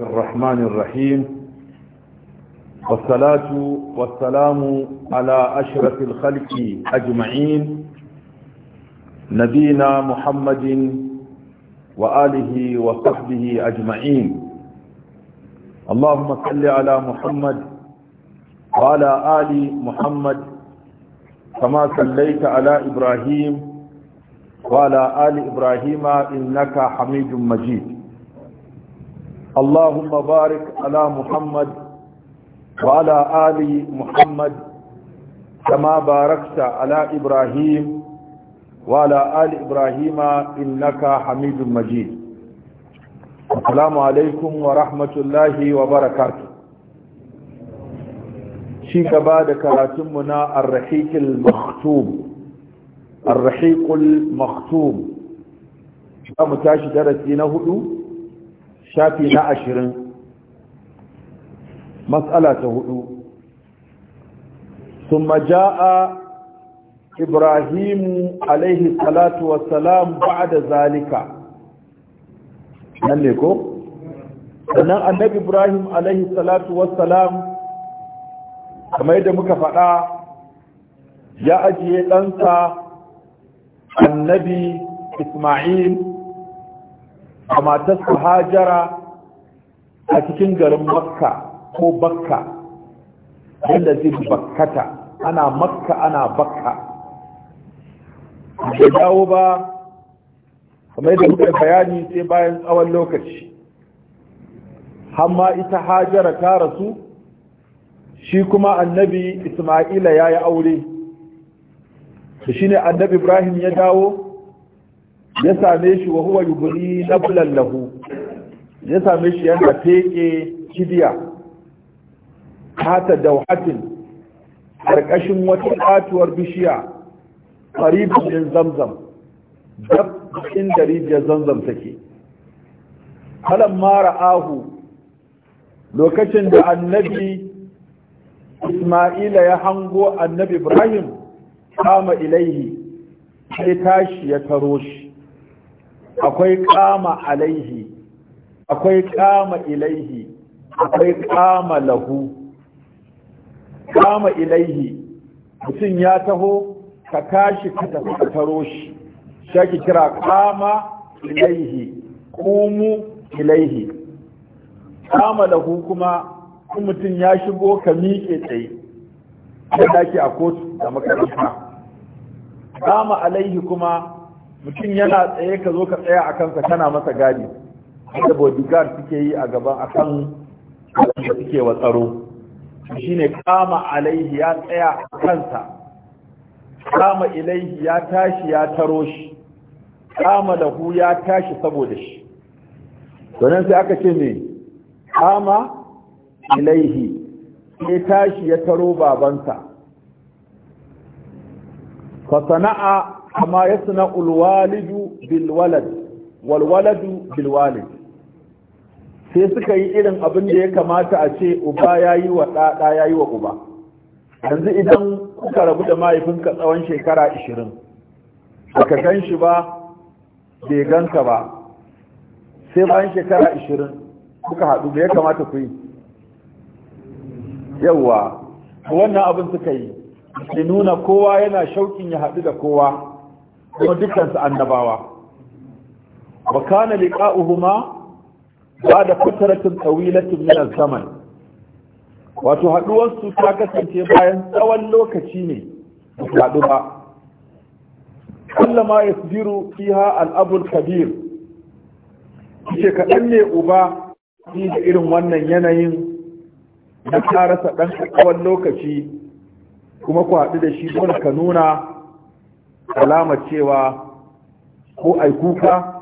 الرحمن الرحيم والصلاة والسلام على أشرف الخلق أجمعين نبينا محمد وآله وصحبه أجمعين اللهم صل على محمد وعلى آل محمد كما صليت على إبراهيم وعلى آل إبراهيم إنك حميد مجيد اللهم بارك على محمد وعلى آل محمد كما باركت على إبراهيم وعلى آل إبراهيم إنك حميد مجيد السلام عليكم ورحمة الله وبركاته شيك بعد كراتمنا الرحيق المختوم الرحيق المختوم متاشي درسي نهدو shafi na ashirin matsala ta hudu ibrahimu alaihi salatu wasalam عليه da zalika nan ذلك ko sannan annabi ibrahim alaihi salatu wasalam kamar yadda muka faɗa ya ajiye ɗansa annabi isma'il a matarsa hajara a cikin garin makka ko bakka yadda zai bakkata ana makka ana bakka da dawo ba kamar yadda muka bayani sai bayan tsawon lokaci hamma ita hajara ta rasu shi kuma annabi isma'ila ya yi aure shi ne annabi ibrahim ya dawo ya same shi wa huwa yubri nablan lahu ya same shi yana feke kibiya hata wahatin, karkashin wata katuwar bishiya qaribin min zamzam dab inda rijiyar zamzam take halan mara ahu lokacin da annabi isma'ila ya hango annabi ibrahim kama ilaihi sai tashi ya taro shi akwai kama alaihi akwai kama ilaihi akwai kama lahu kama ilaihi mutum ya taho ka tashi ka tafi ka taro shi shi kira kama ilaihi kumu ilaihi kama lahu kuma mutum ya shigo ka miƙe tsaye da daki a kotu da makaranta kama alaihi kuma mutum yana tsaye ka zo ka tsaya a kansa kana masa gadi da bodyguard suke yi a gaban akan da suke wa tsaro ne kama alaihi ya tsaya a kansa kama ilaihi ya tashi ya taro shi kama lahu ya tashi saboda shi donan sai aka ce me kama ilaihi ya tashi ya taro babansa fa sana'a kama yasna ulwalidu bil walad wal sai suka yi irin abin da ya kamata a ce uba ya yi wa ɗaɗa, ya yi wa uba yanzu idan kuka rabu da mahaifinka tsawon shekara 20 baka gan shi ba bai ganka ba sai bayan shekara 20 kuka haɗu da ya kamata ku yi yawwa wannan abin suka yi ke nuna kowa yana shauƙin ya haɗu da kowa kuma dukansu annabawa wa kana liqa'uhuma ba'da da tawilatin min az-zaman wato haduwar su ta kasance bayan tsawon lokaci ne haɗu ba kallama yasbiru fiha al kabir ce kaɗan ne uba shi da irin wannan yanayin na karasa ɗan tsawon lokaci kuma ku haɗu da shi don ka nuna Alama cewa ko ai kuka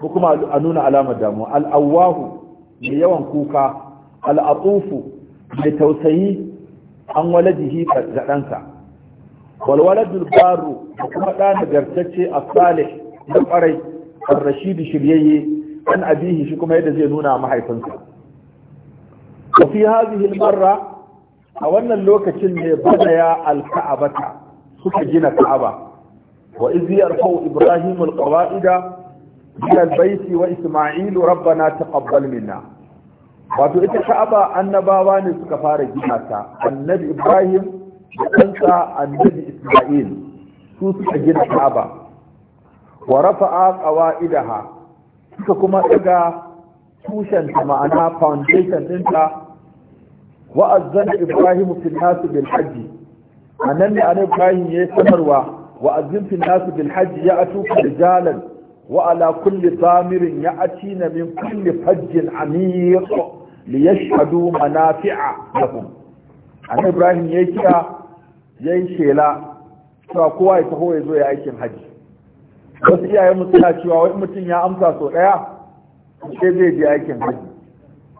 ko kuma a nuna alamar damuwa al'awahu mai yawan kuka al'atufu mai tausayi an waladihi ga ɗansa walwaladul baru da kuma ɗa nagartacce a salih da ƙwarai rashidi shiryayye an abihi shi kuma yadda zai nuna mahaifinsa wa fi hazihi marra a wannan lokacin ne badaya al-ka'abata suka gina ka'aba وإذ يرفع إبراهيم القواعد من البيت وإسماعيل ربنا تقبل منا wato ita ka'aba annabawa ne suka fara gina ta annabi ibrahim da ɗansa annabi isma'il su suka gina ka'aba wa rafa'a qawaidaha suka kuma daga tushen ta ma'ana foundation ɗinta wa azzana ibrahim fil nas bil hajj annabi ibrahim ya sanarwa وأذن في الناس بالحج يأتوك رجالا وعلى كل ضامر يأتين من كل فج عميق ليشهدوا منافع لهم عن إبراهيم يكرا يشيلا cewa kowa ya taho ya zo ya aikin haji wasu iyayen mu suna cewa wai mutum ya amsa sau ɗaya sai zai je aikin haji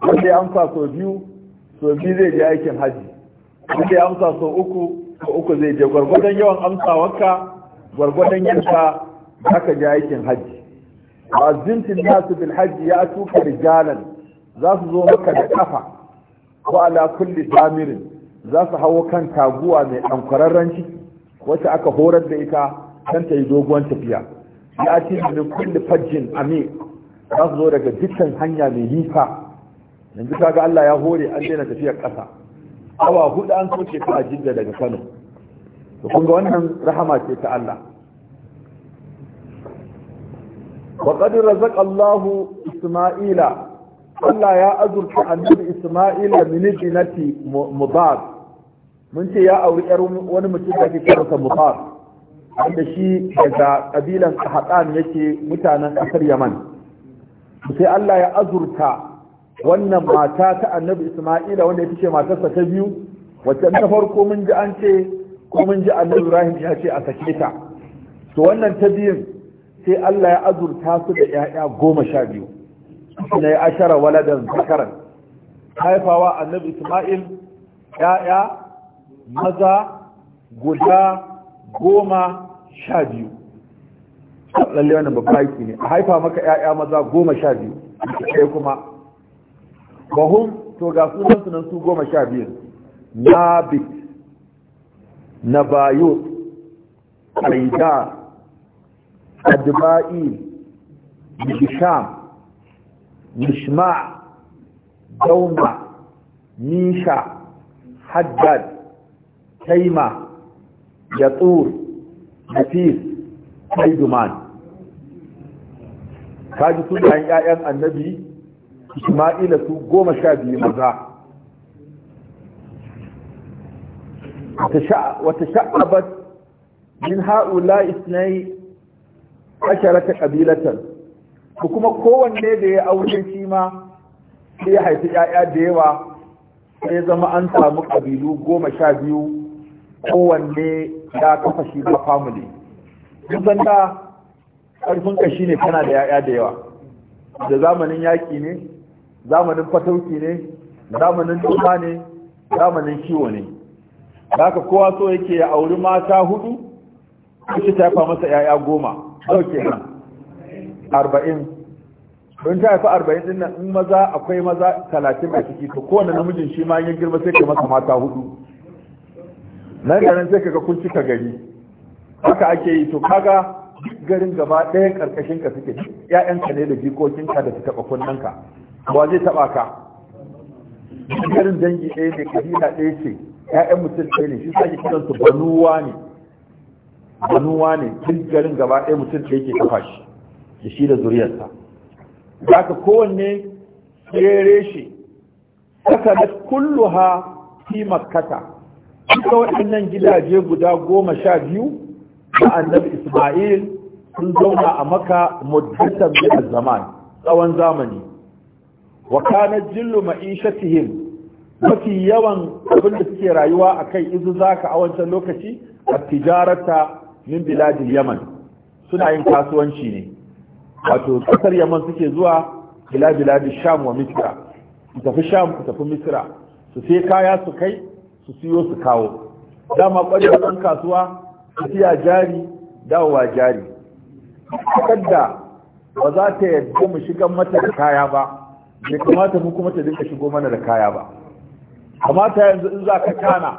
wanda ya amsa sau biyu sau biyu zai je aikin haji wanda ya amsa sau uku ko uku zai je gwargwadon yawan amsawarka gwargwadon yanka za ka ja aikin hajji zintin nasu bil hajji ya tuka rijalan za su zo maka da kafa ko ala kulli damirin za su hawo kan taguwa mai ankwararren ciki wacce aka horar da ita kan ta yi doguwan tafiya ya ci da kulli fajjin ami za su zo daga dukkan hanya mai nisa yanzu kaga Allah ya hore an daina tafiyar ƙasa awa hudu an soke ta a jidda daga Kano to kun ga wannan rahama ce ta Allah wa qad razaqa Allahu Isma'ila Allah ya azurta annabi Isma'ila min jinati Mudad mun ce ya auri yar wani mutum da ke kararsa Mudad wanda shi daga kabilan Qahtan yake mutanen kasar Yaman sai Allah ya azurta wannan mata ta annabi Isma'ila wanda ita ce matarsa ta biyu wacce ta farko mun ji an ce ko mun ji annabi ibrahim ya ce a sake ta to wannan ta biyun sai allah ya azurta su da 'ya'ya goma sha biyu na ya ashara waladan zakaran haifawa annabi isma'il 'ya'ya maza guda goma sha biyu lallai wannan babba aiki ne a haifa maka 'ya'ya maza goma sha biyu sai kuma bahum to ga sunan sunan su goma sha biyu nabit Na nabayo qaida adba'i bisham mishma dauma nisha haddad kaima yatur nafis aiduman kaji sunayen 'ya'yan annabi isma'ila su goma sha biyu maza وتشعبت من هؤلاء اثني عشرة قبيلة da ya نيدي أو شيما sai haifi ‘ya'ya da yawa sai zama an samu ƙabilu goma sha biyu kowanne ya kafa shi ba family kusan da ƙarfin ƙashi ne kana da ‘ya'ya da yawa da zamanin yaƙi ne zamanin fatauki ne zamanin noma ne zamanin ciwo ne haka kowa so yake ya auri mata hudu kusa ta haifa masa yaya goma dauke nan arba'in don ta haifa arba'in din nan in maza akwai maza talatin a ciki to kowane namijin shi ma yin girma sai ka masa mata hudu nan da nan sai ka ga kun cika gari haka ake yi to kaga garin gaba ɗayan ƙarƙashin ka suke ƴaƴanka ne da jikokinka da su taɓa ka. wa zai taɓa ka garin dangi ɗaya ne kabila ɗaya ce ƴaƴan mutum ɗaya ne shi sa ke su banuwa ne banuwa ne duk garin gaba ɗaya mutum ɗaya ke kafa shi da shi da zuriyarsa haka kowanne tsere shi saka da kulluha fi makkata duka waɗannan gidaje guda goma sha biyu da annabi isma'il sun zauna a maka muddatan zaman tsawon zamani wa kana jillu ma'ishatihim mafi yawan abin da suke rayuwa a kai izu ka a wancan lokaci a tijarata min biladin yaman suna yin kasuwanci ne wato kasar yaman suke zuwa ila biladil sham wa misra su tafi sham su tafi misra su sai kaya su kai su siyo su kawo dama da ɗan kasuwa su siya jari dawowa jari da ba za ta yadda mu shigan mata da kaya ba bai kamata mu kuma ta dinka shigo mana da kaya ba kamata yanzu in za ka tana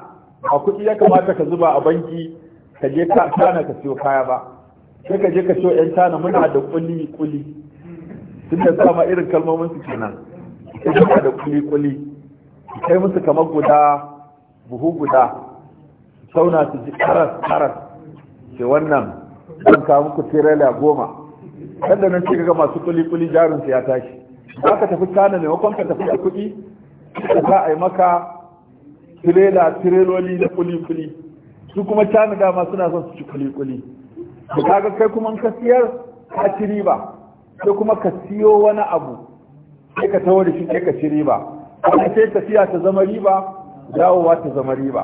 a kuɗi ya kamata ka zuba a banki ka je ka tana ka siyo kaya ba sai ka je ka siyo yan tana muna da kuli kuli tun da sama irin kalmomin su kenan muna da kuli kuli kai musu kamar guda buhu guda sauna su ji karas karas ce wannan zan kawo muku tirela goma kada nan sai ga masu kuli kuli jarin su ya tashi za ka tafi kana maimakon ka tafi da kuɗi za a yi maka tirela tireloli da kuli-kuli su kuma cani dama suna son su ci kuli-kuli da kaga kai kuma ka siyar ka ci riba sai kuma ka siyo wani abu sai ka tawo da shi sai ka ci riba kuma sai tafiya ta zama riba dawowa ta zama riba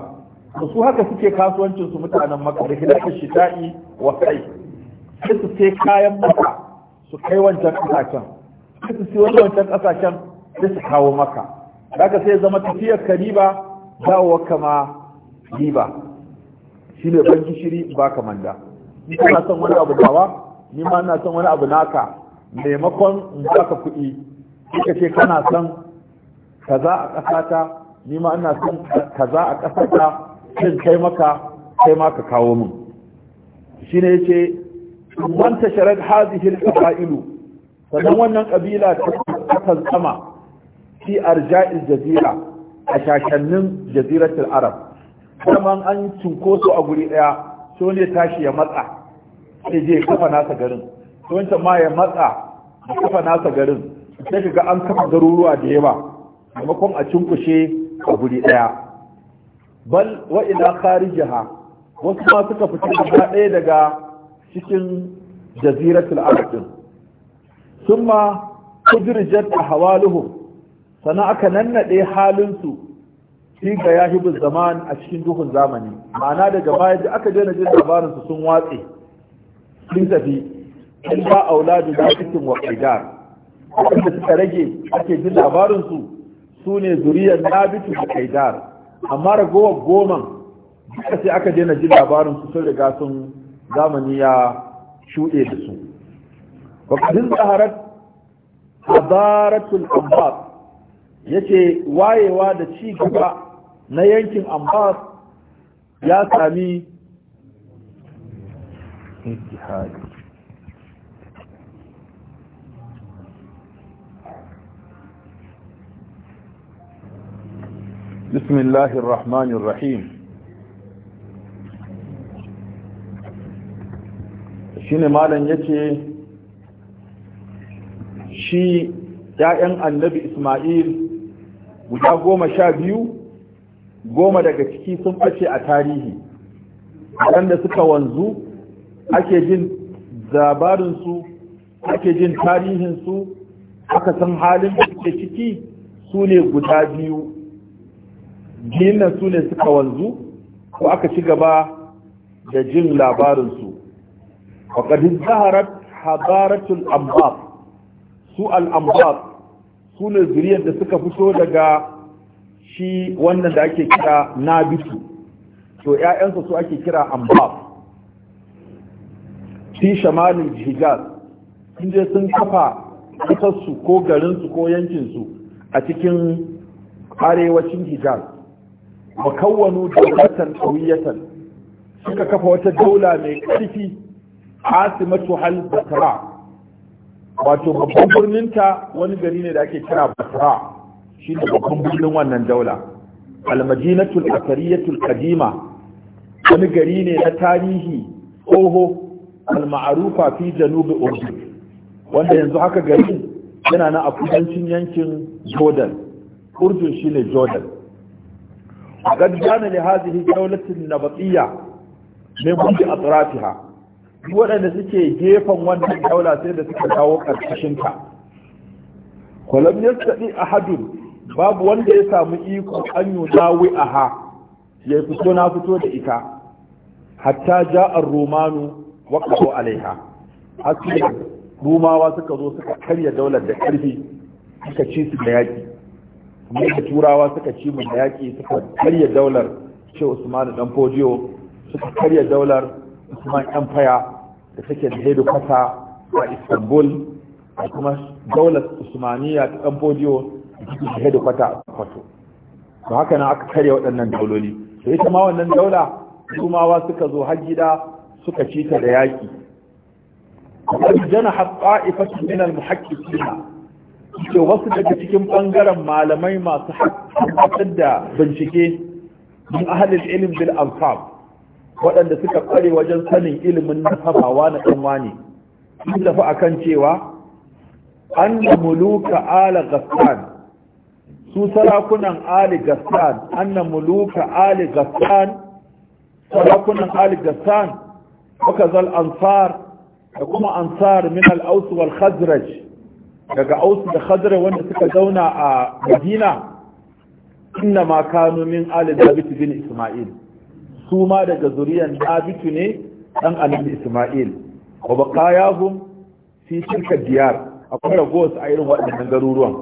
to su haka suke kasuwancin su mutanen maka da hilafin shita'i wa kai sai su sai kayan maka su kai wancan kasashen sai su siyo wancan kasashen sai su kawo maka haka sai zama tafiyar ka riba dawowa kama riba shi ne ban gishiri ba ka manda ni kana son wani abu dawa ni ma na son wani abu naka maimakon in baka kuɗi kika ce kana son kaza a ƙasata ni ma ina son kaza a ƙasata shin kai maka kai ma ka kawo min ya yace man tasharat hadhihi al-qaba'ilu sannan wannan kabila ta ta zama fi arja'il jazira a shashannin jaziratul arab kuma an cunkoso a guri ɗaya, so ne tashi ya matsa sai je kafa nasa garin to wancan ma ya matsa a kafa nasa garin sai ga an kafa garuruwa da yawa maimakon a cinkushe a guri ɗaya. bal wa ila kharijaha wasu ma suka fita gaba ɗaya daga cikin jaziratul arab din summa kudrijat ahwaluhum sannan aka nannaɗe halinsu shi ga ya hibin zaman a cikin duhun zamani ma'ana daga baya da aka daina jin labarinsu sun watse sun tafi in ba auladu da cikin waƙaida. wanda suka rage ake jin labarinsu su ne zuriyar nabitu da waƙaida, amma ragowar goman duka sai aka daina jin labarinsu sun riga sun zamani ya shuɗe da su wa qadin zaharat hadaratul Ambar. yace wayewa da ci gaba na yankin ambas ya sami intihari بسم الله الرحمن الرحيم malam yace shi 'ya'yan annabi Isma'il guda goma sha biyu goma daga ciki sun ɓace a tarihi waɗanda suka wanzu ake jin zabarinsu ake jin tarihinsu aka san halin da suke ciki su ne guda biyu biyun su ne suka wanzu ko aka ci gaba da jin labarinsu waƙadin zaharar hadaratul ambab su al'ambab su ne zuriyar da suka fito daga shi wannan da ake kira nabitu to ‘ya'yansa su ake kira ambab fi shamalin hijaz sun je sun kafa kasarsu ko garinsu ko yankinsu a cikin arewacin hijaz makawwanu daulatan ƙauyatan suka kafa wata daula mai ƙarfi asimatu hal basra wato babban birninta wani gari ne da ake kira basra shi ne babban birnin wannan daula almajinatul asariyatul kadima wani gari ne na tarihi tsoho alma'arufa fi janubi urdu wanda yanzu haka garin yana na a kudancin yankin jordan urdun shi ne jordan قد كان لهذه الدولة النبطية من منذ أطرافها waɗanda suke gefen wannan daula sai da suka dawo ƙarƙashinta kwalam ya a hadun babu wanda ya samu iko an yi nawi a ha ya fito na fito da ita hatta ja a romanu waƙaso alaiha asiri rumawa suka zo suka karya daular da ƙarfi suka ci su da yaƙi kuma da turawa suka ci mu da yaƙi suka karya daular ce usmanu dan fojiyo suka karya daular usman yan faya da take da haidu a istanbul da kuma daular usmaniya ta kambodiyo da suke da haidu a kwato to haka nan aka karya waɗannan dauloli Da ita ma wannan daula rumawa suka zo har gida suka ci ta da yaƙi jana haƙa ifatun min al-muhaqqiqina wasu daga cikin ɓangaren malamai masu haɗa da bincike min ahalin ilim bil ansab waɗanda suka ƙware wajen sanin ilimin nasabawa na ɗan wani sun a kan cewa an da muluka ala gaskan su sarakunan ali gaskan an da muluka ali gaskan sarakunan ali gaskan waka zal ansar da kuma ansar min al wal khazraj daga ausu da khazraj wanda suka zauna a madina inna ma kanu min ali dabit bin isma'il su ma daga zuriyan dabitu ne ɗan annabi isma'il wa baqayahum fi tilka diyar akwai gos a irin waɗannan garuruwan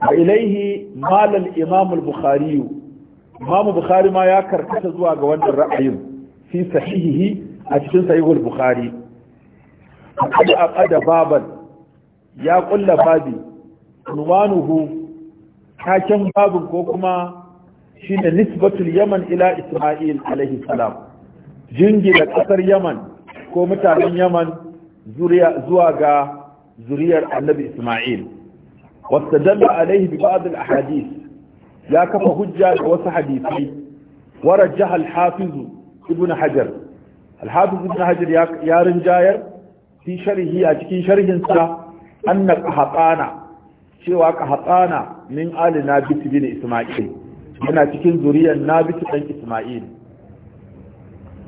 a ilaihi malal imam al-bukhari imam bukhari ma ya karkata zuwa ga wannan ra'ayin fi sahihihi a cikin sahihul bukhari kada a kada babal ya kulla babi unwanuhu taken babin ko kuma shine nisbatul yaman ila isma'il alaihi salam jingina kasar yaman ko mutanen yaman zuwa ga zuriyar annabi isma'il wastadalla alaihi bi ba'd al ahadith ya kafa hujja da wasu hadisi warajjaha al hafiz ibn hajar al hafiz ibn hajar ya rinjayar fi sharhi a cikin sharhin sa anna qahatana cewa qahatana min ali nabi bin isma'il yana cikin zuriyar nabitu ɗan isma'il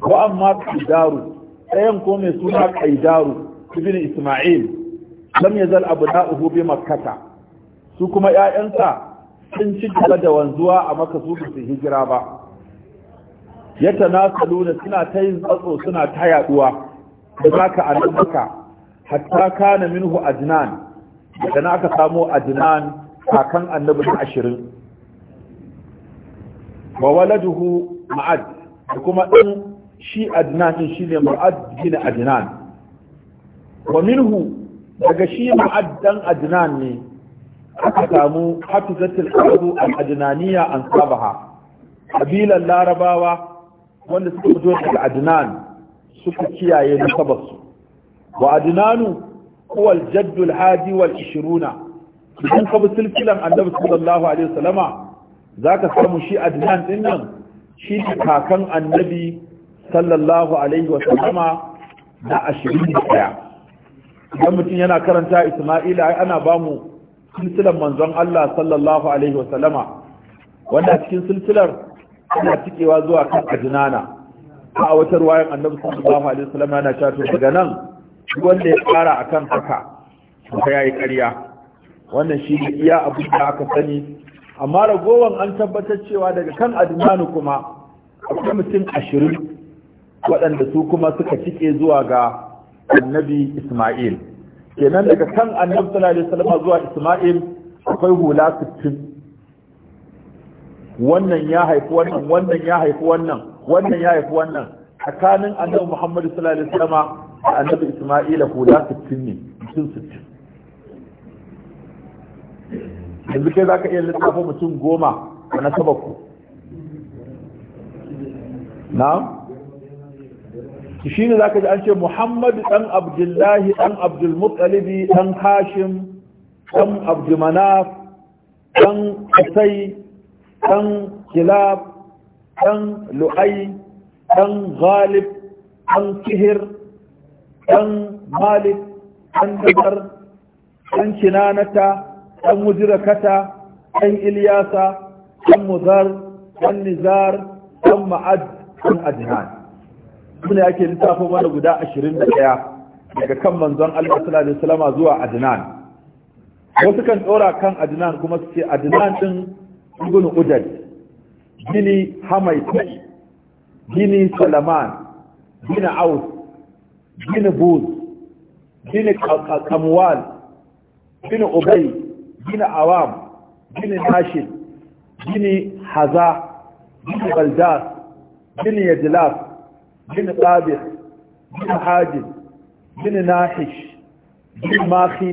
Ko amma qaidaru ɗayan ko mai suna qaidaru ibn isma'il lam yazal abna'uhu bi makkata su kuma ƴaƴansa sun ci gaba da wanzuwa a maka su su hijira ba ya da suna ta yin tsatso suna ta yaduwa da zaka a nan maka hatta kana minhu adnan da na aka samo adnan kakan annabi na ashirin wa waladuhu ma'ad da kuma ɗan shi adnan shi ne ma'ad gina adnan wa minhu daga shi ma'ad dan adnan ne aka samu hafizatul arabu al-adnaniya an sabaha kabilan larabawa wanda suka fito daga adnan suka kiyaye nasabarsu wa adnanu huwa al hadi wal ishiruna. idan ka bi silsilan annabi sallallahu alaihi wasallama za ka samu shi adnan din nan shi ne kakan annabi sallallahu alaihi wasallama na ashirin da ɗaya idan mutum yana karanta isma'ila ai ana ba mu silsilar manzon allah sallallahu alaihi wasallama wanda cikin silsilar ana cikewa zuwa kan adnana a wata ruwayan annabi sallallahu alaihi wasallama yana cato, daga nan wanda ya tsara akan haka ya yi ƙarya wannan shi ne iya abin da aka sani amma ragowan an tabbatar cewa daga kan adnanu kuma akwai mutum ashirin waɗanda su kuma suka cike zuwa ga annabi isma'il kenan daga kan annabi sallallahu alaihi wasallam zuwa isma'il akwai hula sittin wannan ya haifi wannan wannan ya haifi wannan wannan ya haifi wannan tsakanin annabi muhammad sallallahu alaihi wasallam da annabi isma'il hula sittin ne mutum sittin. yanzu kai za ka iya lissafa mutum goma a nasabar ku na shi ne za ka ji an ce muhammadu ɗan abdullahi ɗan abdulmuttalibi ɗan hashim ɗan abdulmanaf ɗan kasai ɗan kilab ɗan lu'ai ɗan ghalib ɗan Sihir, ɗan malik ɗan dabar ɗan kinanata ɗan kata ɗan iliyasa ɗan muzar ɗan nizar ɗan ma'ad ɗan adnan sune ake littafin mana guda ashirin da ɗaya daga kan manzon Allah sallallahu alaihi zuwa adnan wasu kan ɗora kan adnan kuma su ce adnan ɗin ibn udad gini hamaitai gini salaman gini aus gini buz gini kamwal gini ubai جيني عوام جيني ناشد جيني حزا جيني بلدات جيني يدلاف جيني طابق جيني حاجد جيني ناحش جيني ماخي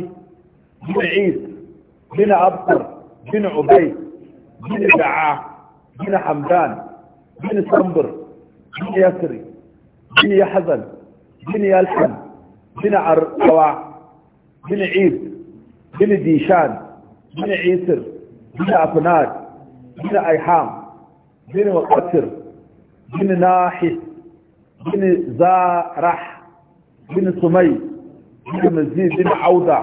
جيني عيد جيني أبطر جيني عبيد جيني دعاء جيني حمدان جيني سنبر جيني يسري جيني يحزن جيني يلحن جيني عروع جيني عيد جيني ديشان bin isir bin afinad bin aiham bin wakatir bin nahis bin zarah bin sumai bin mazid bin auda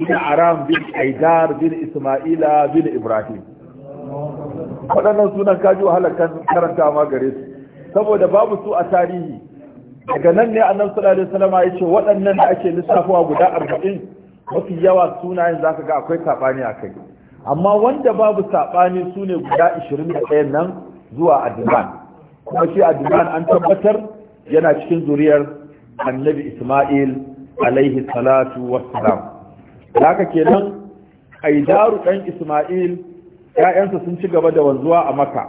bin aram bin aidar bin ismaila bin ibrahim waɗannan sunan kaji wahalar karanta ma gare su saboda babu su a tarihi daga nan ne annabi sallallahu alaihi wasallam ya ce waɗannan da ake lissafawa guda arba'in mafi yawa sunayen za ka ga akwai saɓani a kai amma wanda babu saɓani su ne guda 21 nan zuwa adiman kuma shi adiman an tabbatar yana cikin zuriyar annabi isma'il alaihi salatu wassalam ke nan, aidaru ɗan isma'il ‘ya'yansa sun ci gaba da wanzuwa a maka.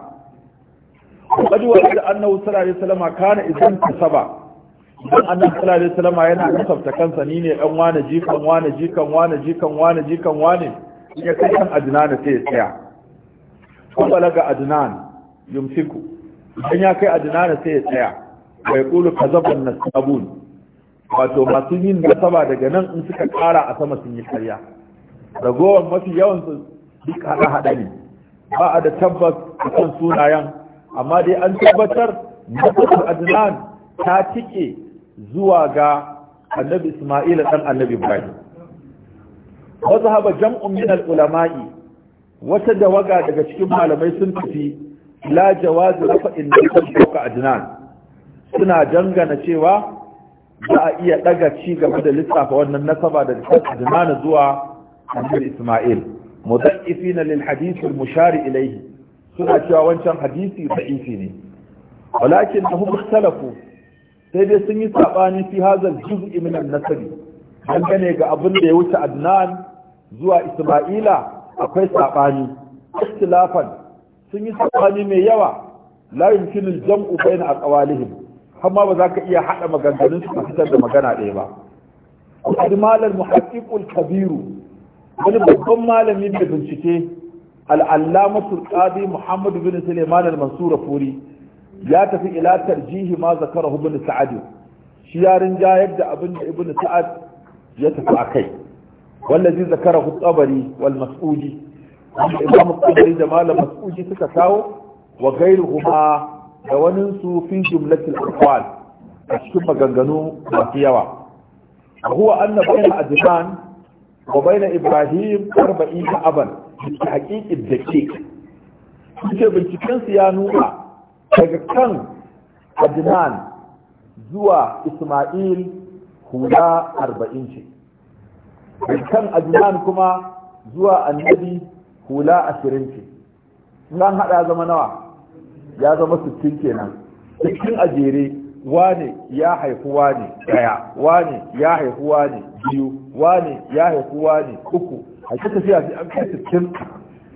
Ƙaduwar da annahu sallallahu alaihi wasallam kana idan ta saba dan annan sallallahu alaihi yana kasafta kansa ni ne dan wane jikan wane jikan wane jikan wane jikan wani ya kai kan adnan sai ya tsaya kun balaga adnan yumsiku idan ya kai adnan sai ya tsaya bai kulu kazaban nasabun wato masu yin nasaba daga nan in suka kara a sama sun yi karya ragowar mafi yawan su duk hada hada ne ba a da tabbas kan sunayen amma dai an tabbatar masu adnan ta tike zuwa ga annabi Isma'il dan annabi Ibrahim wa zahaba jam'un min al-ulama'i wata dawaga daga cikin malamai sun tafi la jawaz rafa'in nisab fawqa adnan suna dangana cewa za a iya daga ci gaba da lissafa wannan nasaba da adnan zuwa annabi Isma'il mudaifina lil hadith al-mushari ilayhi suna cewa wancan hadisi da'ifi ne walakin hum ikhtalafu sai dai sun yi saɓani fi hazar juz'i min an dangane ga abin da ya wuce Adnan zuwa Isma'ila akwai saɓani istilafan sun yi saɓani mai yawa la yumkinu al-jam'u bayna aqwalihim amma ba za ka iya haɗa maganganun su fitar da magana ɗaya ba Wani malam muhaqqiq Kabiru, wani babban malami da bincike al-allamatu Muhammadu qadi Muhammad bin Sulaiman al Furi ya tafi ila tarjihi ma zakarahu ibn sa'ad shi ya rinja yadda abin da ibn sa'ad ya tafi akai wallazi zakarahu tabari wal mas'udi imam tabari da malam mas'udi suka kawo wa ghayruhuma da wani su fi jumlatil aqwal a cikin maganganu masu yawa huwa anna bayna adnan wa bayna ibrahim 40 aban haqiqin dake suke binciken su ya nuna daga kan adnan zuwa isma'il hula arba'in ce daga kan adnan kuma zuwa annabi hula ashirin ce nan hada zama nawa ya zama sittin kenan Cikin ajere jere wane ya haifu wane daya wane ya haifu wane biyu wane ya haifu wane uku a cikin tafiya sai an kai sittin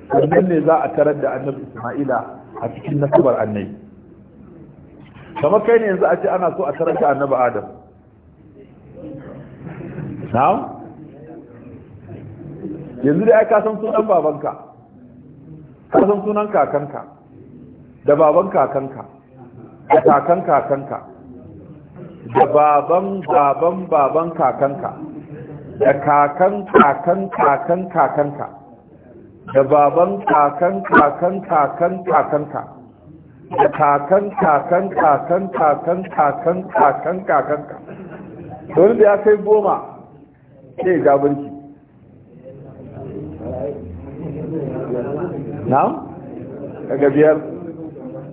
wannan ne za a tarar da annabi isma'ila a cikin nasabar annabi kamar kai ne yanzu a ce ana so a tarar annabi adam na'am yanzu da ya kasan sunan babanka kasan sunan kakanka da baban kakanka da kakan kakanka da baban baban baban kakanka da kakan kakan kakan kakanka da baban kakan kakan kakan ka da kakan kakan kakan kakan kakan kakan kakan, ka don da ya kai goma ne ga burki Na. daga biyar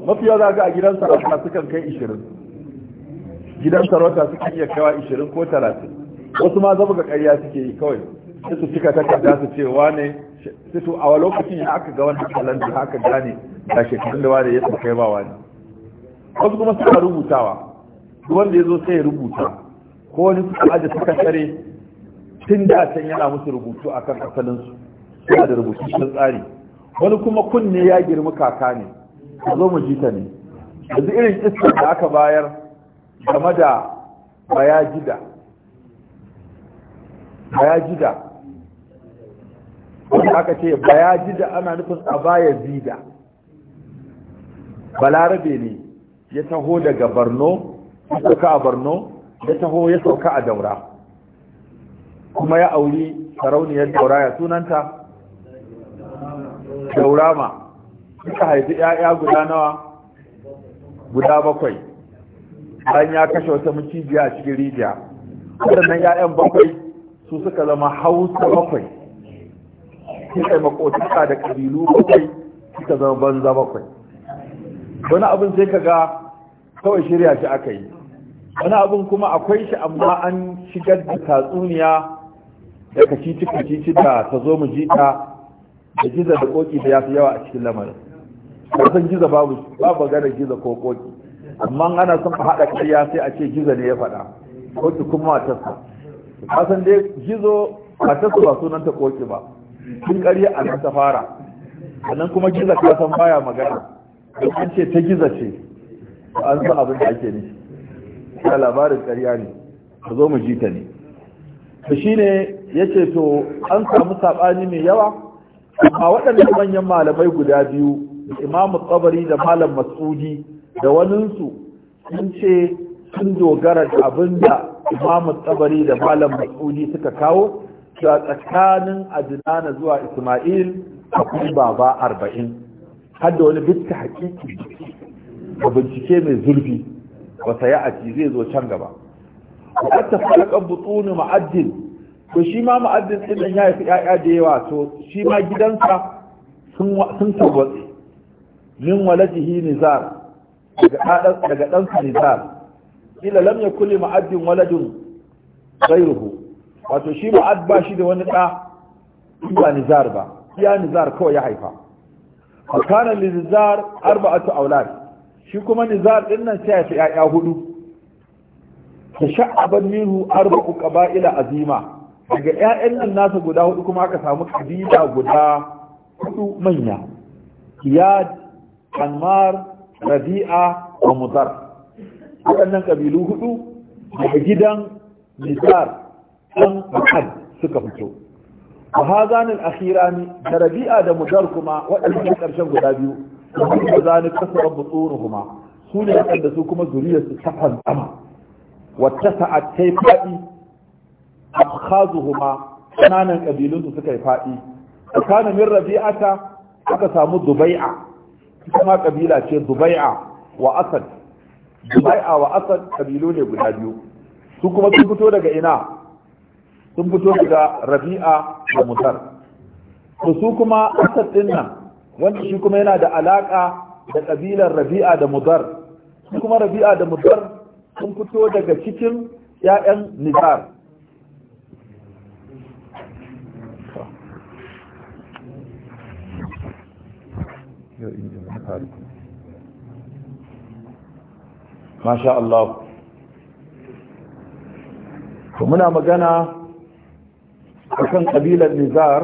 mafiya za ga a gidan sarauta sukan kai ishirin gidan sarauta sukan iya kawa ishirin ko talatin wasu ma zama ga karya suke yi kawai sai su cika takarda su ce ne. sito a a lokacin ya aka ga wannan da haka gane da shekarun da wani ya kai ba wani wasu kuma suka rubutawa wanda ya zo sai ya rubuta ko wani suka aji suka tsare tun da can yana musu rubutu a kan asalinsu suna da rubutu sun tsari wani kuma kunne ya girma kaka ne a zo mu jita ne yanzu irin iskar da aka bayar game da bayajida bayajida aka ce ji da ana nufin a baya zida balarabe ne ya taho daga barno ya sauka a barno ya taho ya sauka a daura kuma ya auri sarauniyar daura ya sunanta daurama suka haifi 'ya'ya guda nawa guda bakwai bayan ya kashe wata macijiya a cikin rijiya waɗannan 'ya'yan bakwai su suka zama hausa bakwai suka makotaka da kabilu bakwai suka zama banza bakwai wani abin sai ka ga kawai shirya shi aka yi wani abin kuma akwai shi amma an shigar da tatsuniya da kacici kacici da ta zo mu jita da jiza da koki da ya fi yawa a cikin lamarin san jiza babu babu gane jiza ko koki amma ana son a haɗa ƙarya sai a ce jiza ne ya faɗa koki kuma matarsa kasan dai gizo matarsa ba sunanta koki ba tun ƙarya a nan ta fara sannan kuma giza ta san baya magana da an ce ta giza ce an san abin da ake nishi ta labarin ƙarya ne ka zo mu ji ta ne to ya yace to an samu saɓani mai yawa amma waɗannan manyan malamai guda biyu imam tsabari da malam masudi da waninsu sun ce sun dogara da abin da imam tsabari da malam masudi suka kawo cewa tsakanin adinana zuwa ismail akwai baba arba'in hadda wani bitka hakiki da bincike mai zurfi wata ya aji zai zo can gaba a ta falakan butuni ma'addin to shi ma ma'addin ɗin ya haifi 'ya'ya da yawa to shi ma gidansa sun tabbatse min jihi nizar daga ɗansa nizar ila lam kulle ma'addin waladun ghayruhu wato shi ma ba shi da wani ɗa ba nizar ba ya nizar kawai ya haifa a kanan nizar arba'atu aulad shi kuma nizar din nan sai ya fi ya'ya hudu ta sha'aban minhu arba'u qaba'ila azima daga 'ya'yan nan nasa guda hudu kuma aka samu ƙabila guda hudu manya kiyad anmar rabi'a wa mudar waɗannan kabilu hudu daga gidan nizar ɗan mahal suka fito a hazanin akhirani da rabi'a da mudar kuma waɗanda ƙarshen guda biyu da zani rabu butsuru kuma su ne waɗanda su kuma zuriyar su ta fantsama wata sa'ad ta yi faɗi kuma ƙananan ƙabilunsu suka yi faɗi tsakanin min rabi'ata aka samu dubai'a Kuma ƙabila ce dubai'a wa asad dubai'a wa asad ƙabilu ne guda biyu su kuma sun fito daga ina sun fito daga rabi'a da mutar to su kuma asad din nan wanda shi kuma yana da alaka da kabilar rabi'a da mudar su kuma rabi'a da mudar sun fito daga cikin 'ya'yan nizar masha Allah muna magana akan kabilar nizar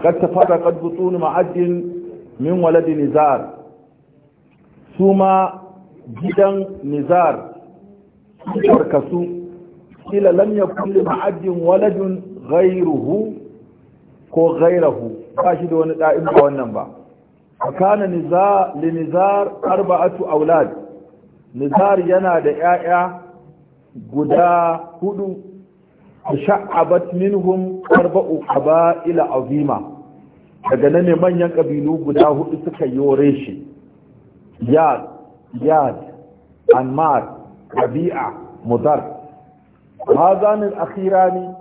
kad ta fada kad butun ma'ajin min waladi nizar su ma gidan nizar su. kila lam yakun li ma'ajin waladun ghayruhu ko ghayrahu ba shi da wani da'in ba wannan ba kana nizar li nizar arba'atu aulad nizar yana da 'ya'ya guda hudu sha'abat minhum arba'u qaba'ila azima daga nan ne manyan kabilu guda hudu suka yore shi yad yad anmar rabi'a mudar al akhirani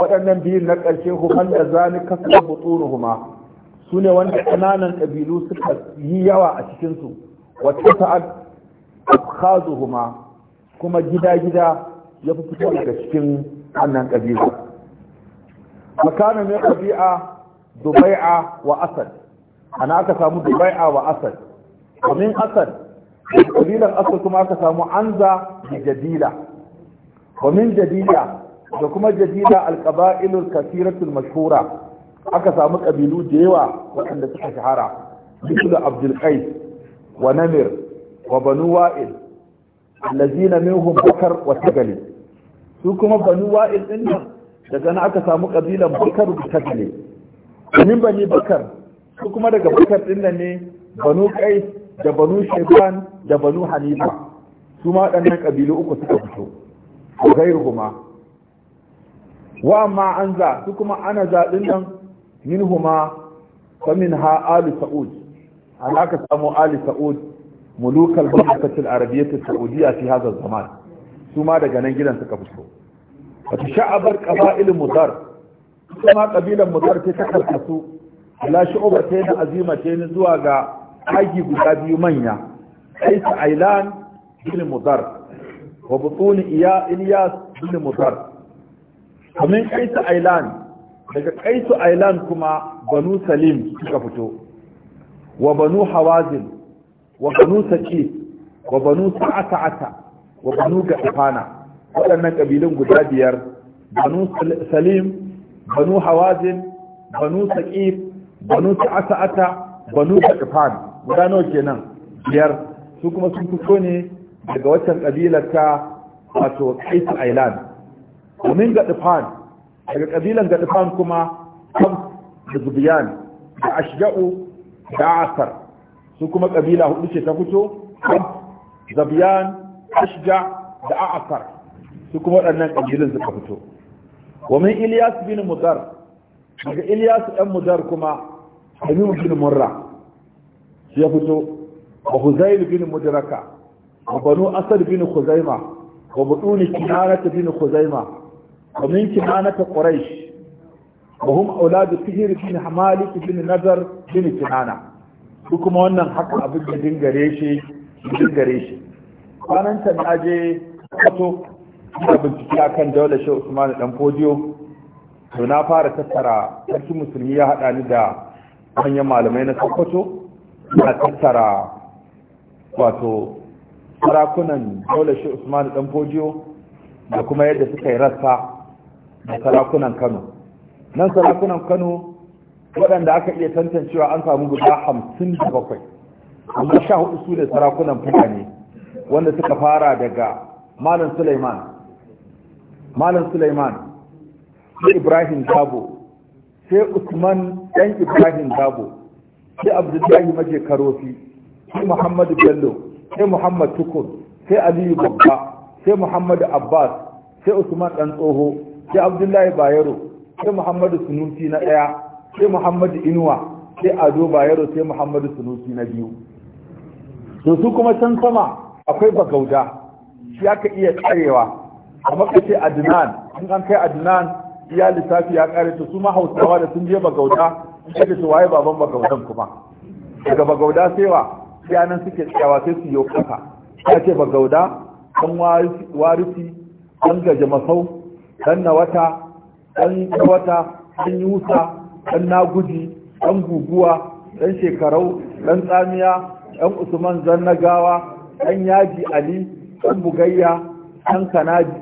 waɗannan biyun na ƙarshe hukan da zani kasar buturuhuma su ne wanda ƙananan ƙabilu suka yi yawa a cikinsu wata ta'ad abkhazuhuma kuma gida-gida ya fi fito daga cikin wannan ƙabila makana mai ƙabi'a dubai'a wa asad ana aka samu dubai'a wa asad domin asad ƙabilan asad kuma aka samu anza da jadila domin jadila da kuma jadila alƙaba'ilul kasiratul mashura, aka samu ƙabilu da yawa waɗanda suka shahara bisu da abdulkais wa namir wa banu wa'il allazina minhum bakar wa tagali su kuma banu wa'il din nan daga nan aka samu kabilan bakar bakar ne min bani bakar su kuma daga bakar din nan ne banu kai da banu shaiban da banu hanifa su ma waɗannan kabilu uku suka fito ko gairu kuma wa amma an za su kuma ana zaɗin nan min huma fa min ha Ali sa'ud an aka samu ali sa'ud mulukal mamlakatul arabiyyah saudiyya fi hadha zaman su ma daga nan gidan suka fito wato sha'abar qaba'il mudar kuma ƙabilan mudar ta karkasu la shu'uba ta na azima ta ne zuwa ga aji guda biyu manya sai ailan bin mudar wa butun iya ilyas bin mudar kamin kaisu ailan daga kaisu ailan kuma banu salim suka fito wa banu hawazin wa banu saqif wa banu sa'ata'ata wa banu gafana waɗannan ƙabilun guda biyar banu salim banu hawazin banu Saƙif, banu sa'ata banu gafan guda nawa kenan biyar su kuma sun fito ne daga waccan ƙabilar ta wato kaisu island domin gadifan daga ƙabilan gadifan kuma kam da zubiyan da ashja'u da asar su kuma ƙabila hudu ce ta fito kam zabiyan ashja da a'akar su kuma waɗannan ƙabilun suka fito wa min ilyas bin mudar daga ilyas ɗan mudar kuma tamimu bin murra ya fito wa bin mudraka wa banu asad bin khuzaima wa buduni kinanata bin khuzaima wa min kinanata quraish wa hum auladu fihr bin hamalik bin nazar bin kinana su kuma wannan haka abin shi kwanan na je kato da bincike akan daular shi usmanu dan fodiyo to na fara tattara sarki musulmi ya haɗa ni da manyan malamai na sokoto na tattara wato sarakunan daular shi usmanu dan da kuma yadda suka yi rassa da sarakunan kano nan sarakunan kano waɗanda aka iya tantancewa an samu guda hamsin da bakwai amma sha hudu su ne sarakunan fulani wanda suka fara daga malam Sulaiman malam Sulaiman sai Ibrahim Dabo sai Usman ɗan Ibrahim Dabo sai Abdullahi Maje Karofi sai Muhammadu Bello sai Muhammad Tukur sai Aliyu Babba sai Muhammadu Abbas sai Usman ɗan tsoho sai Abdullahi Bayero sai Muhammadu Sunusi na ɗaya, sai Muhammadu Inuwa sai Ado Bayero sai Muhammadu Sunusi na biyu to su kuma can sama akwai bagauda shi aka iya karewa amma makashe adinan in an kai adinan ya lissafi ya kare to su mahautawa da sun je bagauda sai da waye baban bagaudan kuma daga bagauda sai wa yanan suke tsayawa sai su yi kasa ya ce bagauda an warisi an gaje masau dan na wata dan wata dan yusa dan naguji dan guguwa dan shekarau dan tsamiya dan usman zannagawa ɗan yaji ali ɗan bugayya ɗan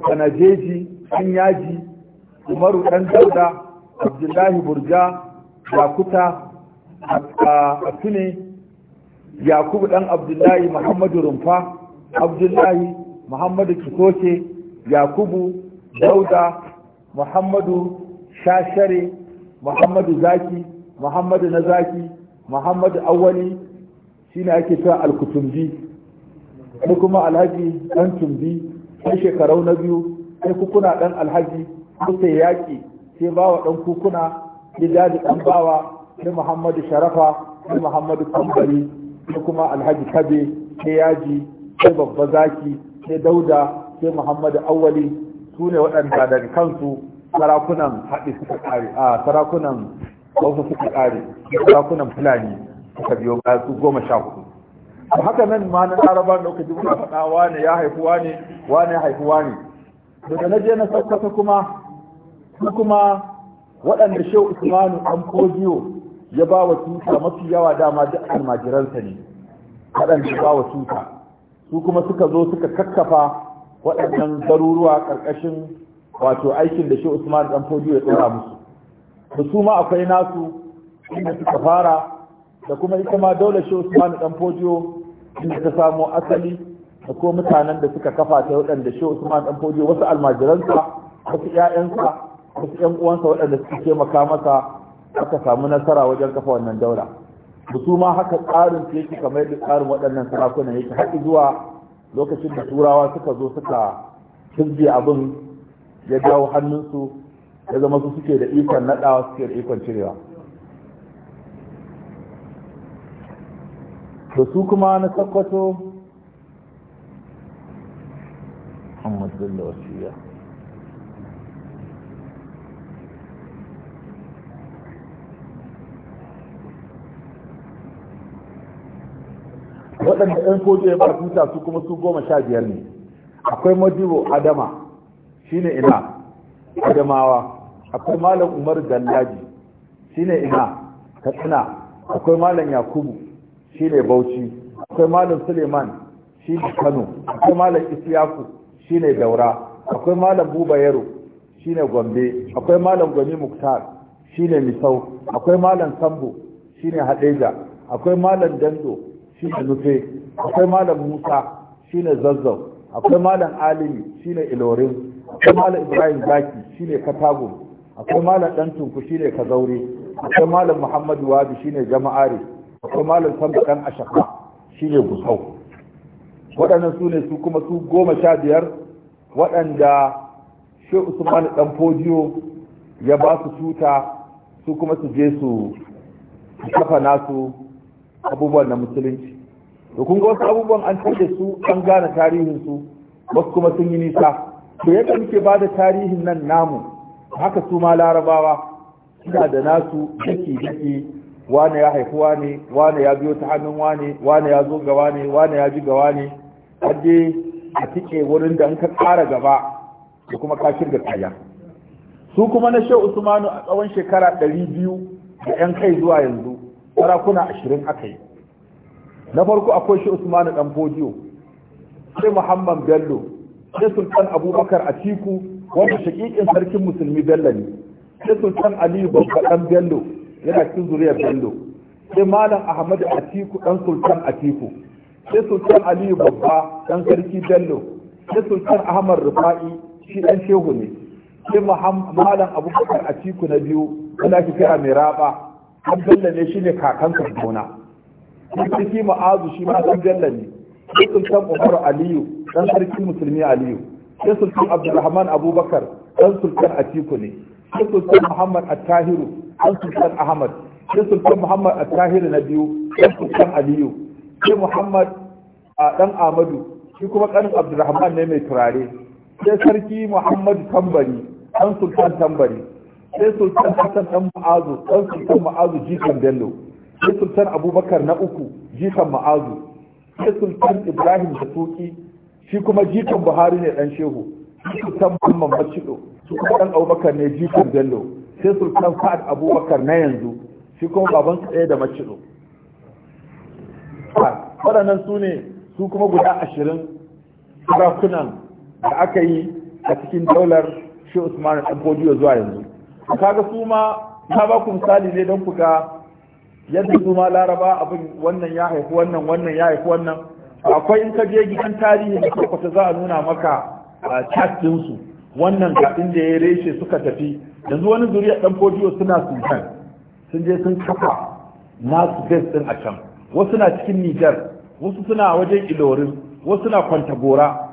kanajeji ɗan yaji umaru ɗan dauda abdullahi burja yakuta a tune yakubu ɗan abdullahi muhammadu rumfa abdullahi muhammadu kitoke yakubu dauda muhammadu shashare muhammadu zaki muhammadu na zaki muhammadu awwali shine ake cewa alkutumbi kai kuma alhaji dan tumbi kai shekarau na biyu kai kukuna dan alhaji sai yaki sai bawa dan kukuna sai daji dan bawa sai muhammadu sharafa sai muhammadu kambari sai kuma alhaji kabe sai yaji sai babba zaki sai dauda sai muhammadu awwali sune ne waɗanda daga kansu sarakunan haɗi suka ƙare a sarakunan wasu suka ƙare sarakunan fulani suka biyo su goma sha hudu haka nan ma na araba ji kuka faɗa wane ya haifuwa ne wane haifuwa ne daga na je na sassaka kuma su kuma waɗanda shehu usmanu an kojiyo ya ba wa tuta mafi yawa dama duk almajiransa ne waɗanda ba wa tuta su kuma suka zo suka kakkafa waɗannan garuruwa ƙarƙashin wato aikin da shehu usman dan kojiyo ya tsora musu da su ma akwai nasu inda suka fara da kuma ita ma dole shehu usman dan kojiyo inda ta samo asali da ko mutanen da suka kafa ta waɗanda shi Usman dan Fodio wasu almajiransa wasu ƴaƴansa wasu ƴan uwansa waɗanda suka taimaka masa aka samu nasara wajen kafa wannan daura su ma haka tsarin su yake kamar yadda tsarin waɗannan sarakunan yake har zuwa lokacin da turawa suka zo suka hizbi abin ya dawo hannunsu ya zama su suke da ikon naɗawa suke da ikon cirewa da su kuma na sakwato muhammad bello wasiya waɗanda 'yan kojo ya fara su kuma su goma sha biyar ne akwai majibo adama shi ne ina adamawa akwai malam umar gallaji ne ina katsina akwai malam yakubu Shi ne Bauchi akwai malam Suleiman shi ne Kano akwai malam Isiyaku ne Daura akwai malam Buba Yaro ne Gombe akwai malam Gwani Muktar shi ne Misau akwai malam Sambo ne Hadeja akwai malam Dando shi ne Nufe akwai malam Musa shi ne Zazzau akwai malam Alimi shi ne Ilorin akwai malam Ibrahim Zaki shi ne Katagum akwai malam Dan Tunku ne Kazaure akwai malam Muhammadu Wabi ne Jama'are akwai malam sandukan shafa shi ne gusau waɗannan su ne su kuma su goma sha biyar waɗanda shi usman ɗan fodiyo ya ba su tuta su kuma su je su kafa nasu abubuwan na musulunci to kun ga wasu abubuwan an canje su an gane tarihin su wasu kuma sun yi nisa to yadda muke ba da tarihin nan namu haka su ma larabawa suna da nasu daki daki wane ya haifi wane wane ya biyo ta hannun wane wane ya zo ga wane wane ya ji ga wane haɗe a tike wurin da ka ƙara gaba da kuma ka da kaya su kuma na shehu usmanu a tsawon shekara ɗari biyu da yan kai zuwa yanzu sarakuna ashirin aka yi na farko akwai shehu usmanu ɗan bodiyo sai muhammad bello sai sultan abubakar atiku wanda shakikin sarkin musulmi bello ne sai sultan aliyu babba ɗan bello yana cikin zuriyar bello sai malam ahmad atiku dan sultan atiku sai sultan aliyu babba dan sarki bello sai sultan ahmad rufa'i shi dan shehu ne sai malam abubakar atiku na biyu wanda ake kira mai raba dan bello ne shine kakan sardauna sarki ma'azu shi ma dan bello ne sai sultan umar aliyu dan sarki musulmi aliyu sai sultan abdulrahman abubakar dan sultan atiku ne sai sultan muhammad attahiru an sultan ahmad sai sultan muhammad a tahiri na biyu sai sultan aliyu sai muhammad a dan amadu shi kuma kanin abdurrahman ne mai turare sai sarki muhammadu tambari dan sultan tambari sai sultan hassan dan ma'azu dan sultan ma'azu jikan bello sai sultan abubakar na uku jikan ma'azu sai sultan ibrahim da suki shi kuma jikan buhari ne dan shehu sultan muhammad macido su kuma dan abubakar ne jikan bello sai sultan fa'ad abubakar na yanzu shi kuma baban su ɗaya da macido waɗannan su ne su kuma guda ashirin sarakunan da aka yi a cikin daular shi usman ɗan zuwa yanzu kaga su ma ta ba ku misali ne don kuka yadda su ma laraba abin wannan ya haifi wannan wannan ya haifi wannan akwai in ka je gidan tarihi da kwakwata za a nuna maka ah, chat ɗinsu wannan kafin da ya reshe suka tafi yanzu wani zuriya dan fodiyo suna sudan sun je sun kafa nasu base din a can wasu na cikin nijar wasu suna wajen ilorin wasu na kwanta gora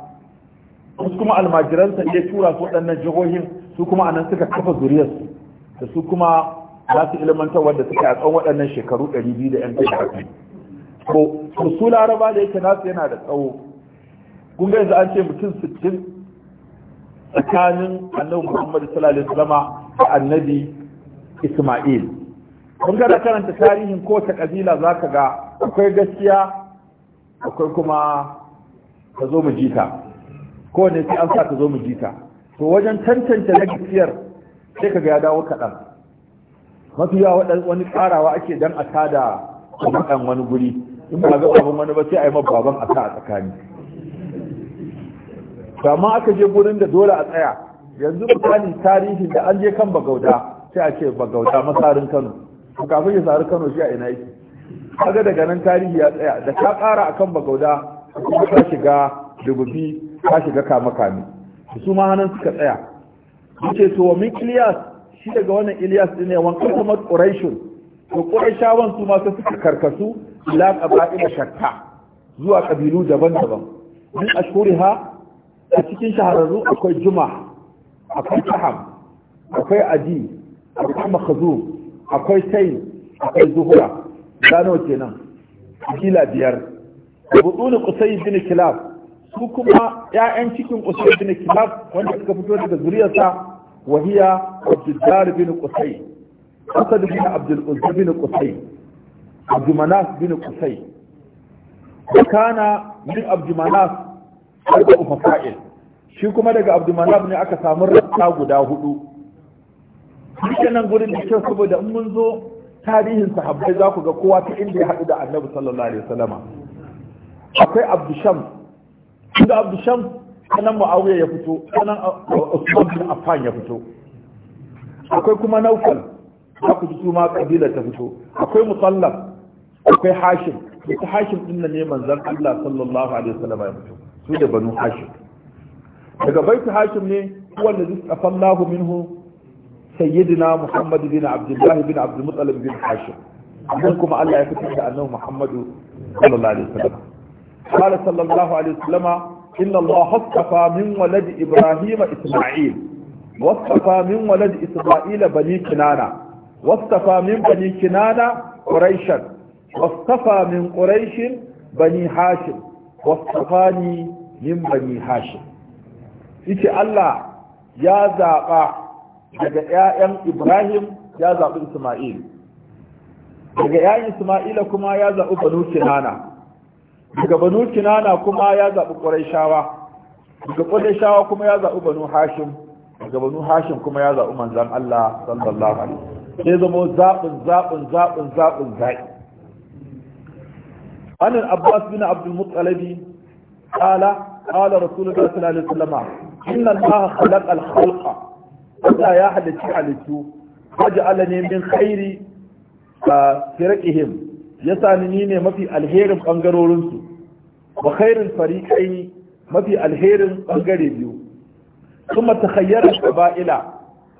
wasu kuma almajiransa ya tura su waɗannan jihohin su kuma anan suka kafa zuriyarsu da su kuma za su ilmantar wanda suka a tsawon waɗannan shekaru 200 da 'yan kai ko su laraba da yake nasu yana da tsawo kun ga yanzu an ce mutum sittin. tsakanin annabi Muhammad sallallahu alaihi wasallam da annabi Isma'il kun ga karanta tarihin ko ta kabila zaka ga akwai gaskiya akwai kuma ta zo mu jita kowane sai an sa ta zo mu jita to wajen tantance na gaskiyar sai kaga ya dawo kaɗan mafi yawa wani tsarawa ake dan a tada kuma wani guri in ba ga wani ba sai a yi baban a a tsakani to amma aka je gurin da dole a tsaya yanzu misali tarihin da an je kan bagauda sai a ce bagauda masarin kano to kafin ya sari kano shi a ina yake kaga daga nan tarihi ya tsaya da ka kara akan bagauda kuma ka shiga dububi ka shiga kama kame su ma hannun suka tsaya yace to wa min shi daga wannan Ilyas din ne wan kuma Quraishun to Quraishawan su ma suka karkasu ila qabila shakka zuwa kabilu daban-daban min ashhuriha a cikin shahararru akwai juma akwai taham akwai adi akwai makazu akwai tai akwai zuhura gano kenan kila biyar ne kusai bin kilab su kuma ya'yan cikin kusai bin kilab wanda suka fito daga zuriyarsa wahiya abdullar bin kusai asad bin abdul uzza bin kusai abdumanaf bin kusai kana min عبد مناف uku fa'il shi kuma daga abdulmanaf ne aka samu rasa guda hudu nan gurin da kyau saboda in mun zo tarihin sahabbai za ku ga kowa ta inda ya haɗu da annabi sallallahu alaihi wasallama akwai abdusham inda abdusham sanan muawiya ya fito sanan uh, usman bin affan ya fito akwai kuma naufal za ku ji su ma kabila ta fito akwai Musallam, akwai hashim ita hashim din ne manzon Allah sallallahu alaihi wasallama ya fito su da banu hashim daga baitu hashim ne wanda zistafan lahu minhu sayyidina muhammadu bin abdullahi bin abdulmutsalib bin hashim amma kuma allah ya fitar da annabi muhammadu sallallahu alaihi wasallam قال صلى الله عليه وسلم إن الله اصطفى من ولد إبراهيم إسماعيل واصطفى من ولد إسرائيل بني كنانة واصطفى من بني كنانة قريشا واصطفى من قريش بني هاشم wasafani min bani hashim yace Allah ya zaɓa daga ƴaƴan Ibrahim ya zaɓi Isma'il daga ƴaƴan Isma'il kuma ya zaɓi Banu Kinana daga Banu Kinana kuma ya zaɓi Qurayshawa daga Qurayshawa kuma ya zaɓi Banu Hashim daga Banu Hashim kuma ya zaɓi manzon Allah sallallahu alaihi wasallam sai zama zaɓin zaɓin zaɓin zaɓin zaɓi عن العباس بن عبد المطلب قال قال رسول الله صلى الله عليه وسلم إن الله خلق الخلق Allah ya halicci halittu waj'ala ne min khairi firqihim yasa ni ne mafi alherin ɓangarorinsu, su wa khairul fariqaini mafi alherin bangare biyu kuma takhayyara qabaila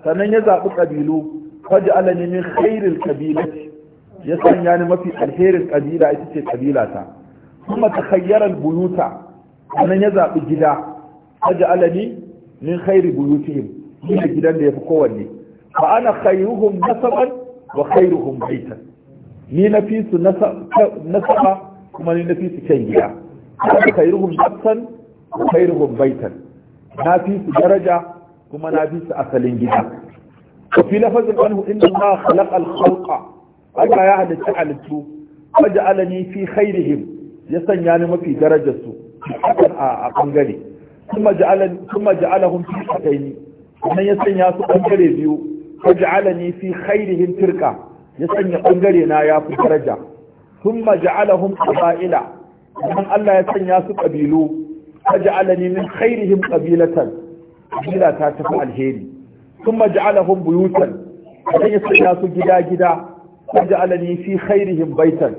sannan ya zabi kabilu waj'ala ne min khairil kabilati ya sanya ni mafi alherin kabila ita ce kabila ta kuma ta khayyaral buyuta nan ya zaɓi gida alani min khairi buyutihim ina gidan da yafi kowanne fa ana khayruhum nasaban wa khayruhum baitan ni na fi su nasaba kuma ni na fi su kyan gida ana khayruhum nasan wa khayruhum baitan na fi su daraja kuma na fi su asalin gida وفي لفظ عنه إن الله خلق الخلق Allah ya halitta halittu waje alani fi khairihim ya sanya ni mafi darajar su a bangare kuma ja'alan kuma ja'alahum fi shataini sannan ya sanya su bangare biyu waje alani fi khairihim firqa ya sanya bangare na ya fi daraja kuma ja'alahum qabaila sannan Allah ya sanya su kabilu waje alani min khairihim qabilatan Ƙabila ta tafi alheri kuma ja'alahum buyutan sannan ya sanya su gida gida waj'alani fi khairihim baitan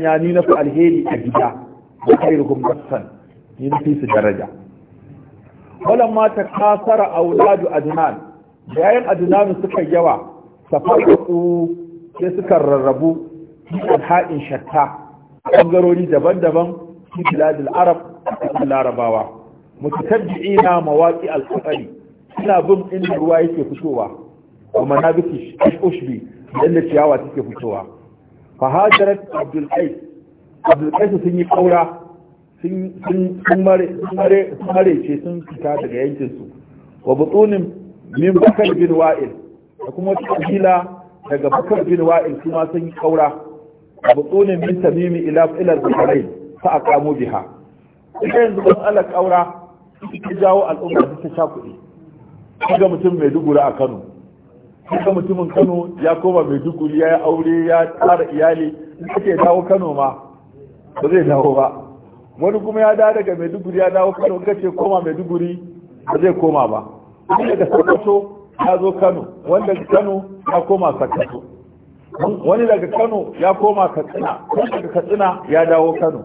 ya ni na fi alheri a gida da khairuhum maskan ni fi su daraja walamma ta kasara auladu adnan da yayin adunanu suka yawa safarku sai suka rarrabu alha'in shatta bangarori daban-daban fi biladil arab da larabawa mutatabbi'ina mawaqi al-qatari suna bin inda ruwa yake fitowa kuma na biki ushbi yadda ciyawa suke fitowa fa hajarat abdul qais abdul qais sun yi kaura sun sun mare sun mare sun mare ce sun fita daga yankin su wa butunin min bakar bin wa'il da kuma wata kabila daga bakar bin wa'il kuma sun yi kaura wa butunin min tamimi ila ila ta fa aqamu biha ita yanzu don ala kaura ita jawo al'umma ta sha kuɗi ga mutum mai dubura a Kano haka mutumin kano ya koma maiduguri ya yi aure ya tsara iyali in kake dawo kano ma ba zai dawo ba wani kuma ya dawo daga maiduguri ya dawo kano kace koma maiduguri ba zai koma ba wani daga sokoto ya zo kano wani daga kano ya koma sokoto wani daga kano ya koma katsina wani daga katsina ya dawo kano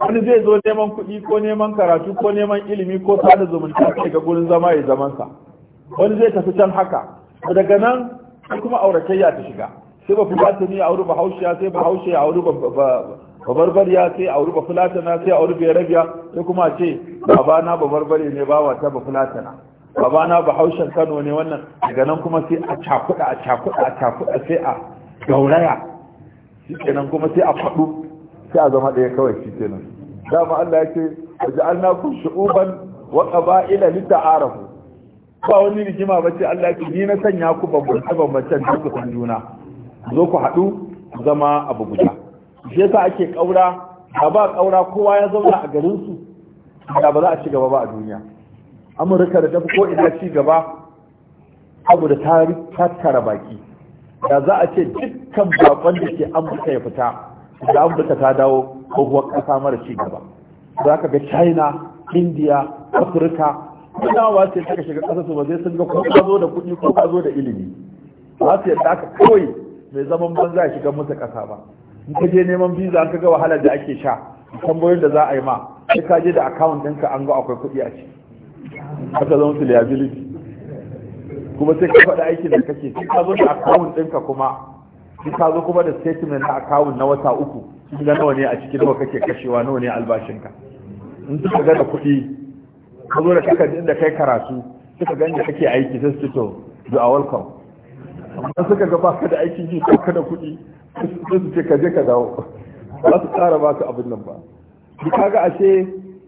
wani zai zo neman kuɗi ko neman karatu ko neman ilimi ko sada zumunta ga gurin zama ya zamansa wani zai tafi can haka daga nan sai kuma auratayya ta shiga sai ba fulatani ya auri bahaushiya sai bahaushe ya auri ya sai auri ba na sai auri bai rabiya sai kuma ce babana barbari ne ba wata ba na ba bahaushen kano ne wannan daga nan kuma sai a cakuɗa a cakuɗa a cakuɗa sai a gauraya shi kenan kuma sai a faɗu sai a zama ɗaya kawai shi kenan dama Allah ya ce waja'alnakum shu'uban wa qaba'ila lita'arafu ba wani rigima ba ce Allah ki ni na sanya ku bambance bambancen da ku san juna zo ku haɗu zama abu guda shi yasa ake kaura da ba ƙaura kowa ya zauna a garin su da ba za a ci gaba ba a duniya amurka da tafi ko ina ci gaba abu da ta tattara baki da za a ce dukkan bakon da ke amurka ya fita da amurka ta dawo kuwa kasa mara ci gaba za ka ga china Indiya, afirka ko dawa ce ta shiga ƙasa su ba zai sun ga ko ka zo da kuɗi ko ka zo da ilimi ba su yadda aka kawai mai zaman banza ya shiga musu ƙasa ba in ka je neman visa an ka ga wahalar da ake sha tambayoyin da za a yi ma sai ka je da account ɗinka an ga akwai kuɗi a ciki aka zama su liability kuma sai ka faɗi aikin da kake sai ka zo da account ɗinka kuma sai ka zo kuma da statement na account na wata uku sun ga nawa ne a cikin nawa kake kashewa nawa ne albashinka in suka ga da kuɗi ka zo da kaka inda kai karatu suka ga inda kake aiki sai su to you are welcome amma suka ga baka da aikin yi ko da kuɗi sai su ce ka je ka dawo ba su tsara baka abin nan ba ki kaga ashe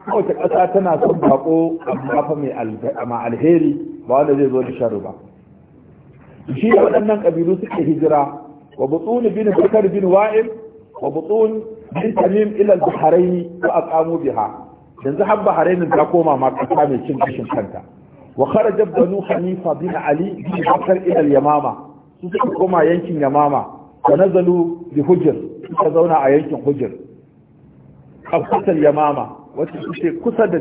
kowace ƙasa tana son bako amma fa mai alheri ba wanda zai zo da sharri ba shi da waɗannan ƙabilu suke hijira wa butun bin bakar bin wa'il wa butun bin tamim ila al-bahrain wa aqamu biha yanzu Habba bahrain ta koma ma kasa mai cin kashin kanta wa kharaja banu hanifa bin ali bi bakar ila yamama su suka koma yankin yamama wa nazalu bi hujr suka zauna a yankin hujr kafsal yamama wacce ce kusa da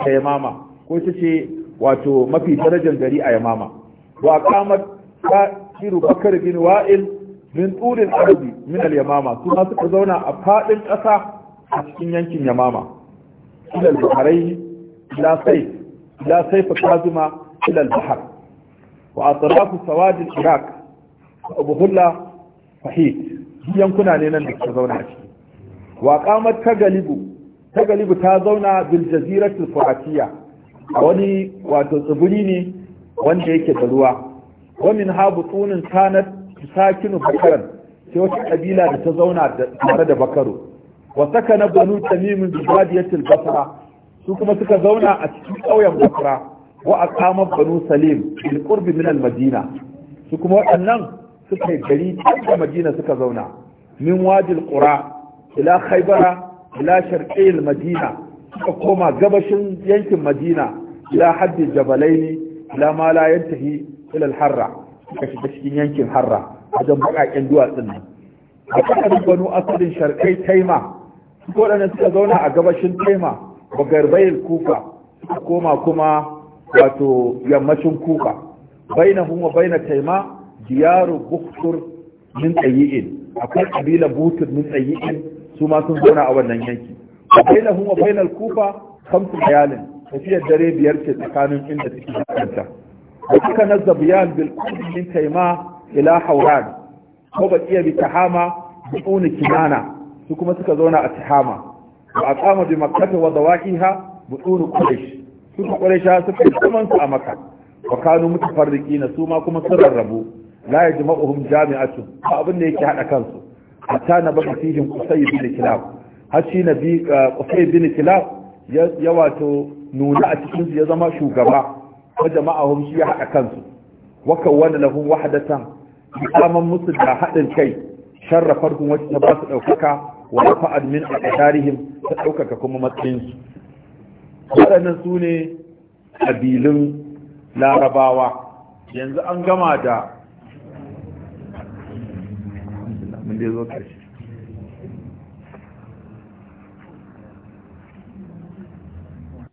da yamama ko ita ce wato mafi darajar gari a yamama wa qamat shiru bakar bin wa'il min turin arabi min al yamama su ma suka zauna a fadin kasa a cikin yankin yamama إلى البحرين إلى سيف إلى سيف كاظمة إلى البحر وأطراف سواد العراق وأبهلة فحيت هي يمكن لنا أن تزون وقامت كغلب كغلب تزون بالجزيرة الفراتية wani wato tsibiri ne wanda yake da ruwa wamin ha butunin kanat sakinu bakaran sai wata kabila da ta zauna tare da bakaro Wasaka na banu tamim bi basra su kuma suka zauna a cikin ƙauyen basra wa aqama banu salim bil qurb min al madina su kuma waɗannan suka yi gari a madina suka zauna min wadil qura ila khaybara ila sharqi madina suka koma gabashin yankin madina ila haddi jabalaini ila ma la yantahi ila al harra suka shiga cikin yankin harra wajen baƙaƙen duwatsun nan a ƙasar banu asalin sharqai taima waɗanda suka zauna a gabashin tema ba garbayar kufa suka koma kuma wato yammacin kuka baina wa baina taima diyaru buktur min tsayi'in akwai kabila butur min tsayi'in su ma sun zauna a wannan yanki baina wa baina kufa kamsu bayanin tafiyar dare biyar ce tsakanin inda suke hakanta da suka biyan bil min taima ila hauran ko ba iya bi tahama bi kinana su kuma suka zauna a tihama a kama bi makkah wa dawaqiha butun quraish su quraisha suka zaman su a makka wa kanu mutafarriqina su ma kuma sun rarrabu la yajma'uhum jami'atun ba abin da yake haɗa kansu hatta na baka fihim qusay bin kilab har shi nabi eh, qusay bin kilab ya wato nuna a cikin su ya zama shugaba jama'a jama'ahum shi ya hada kansu wa kawwana lahum wahdatan kaman musu da haɗin kai kun wacce ta ba su wa rafa'at min tarihin ta ɗaukaka kuma matsayin su waɗannan su ne kabilun larabawa yanzu an gama da mun zo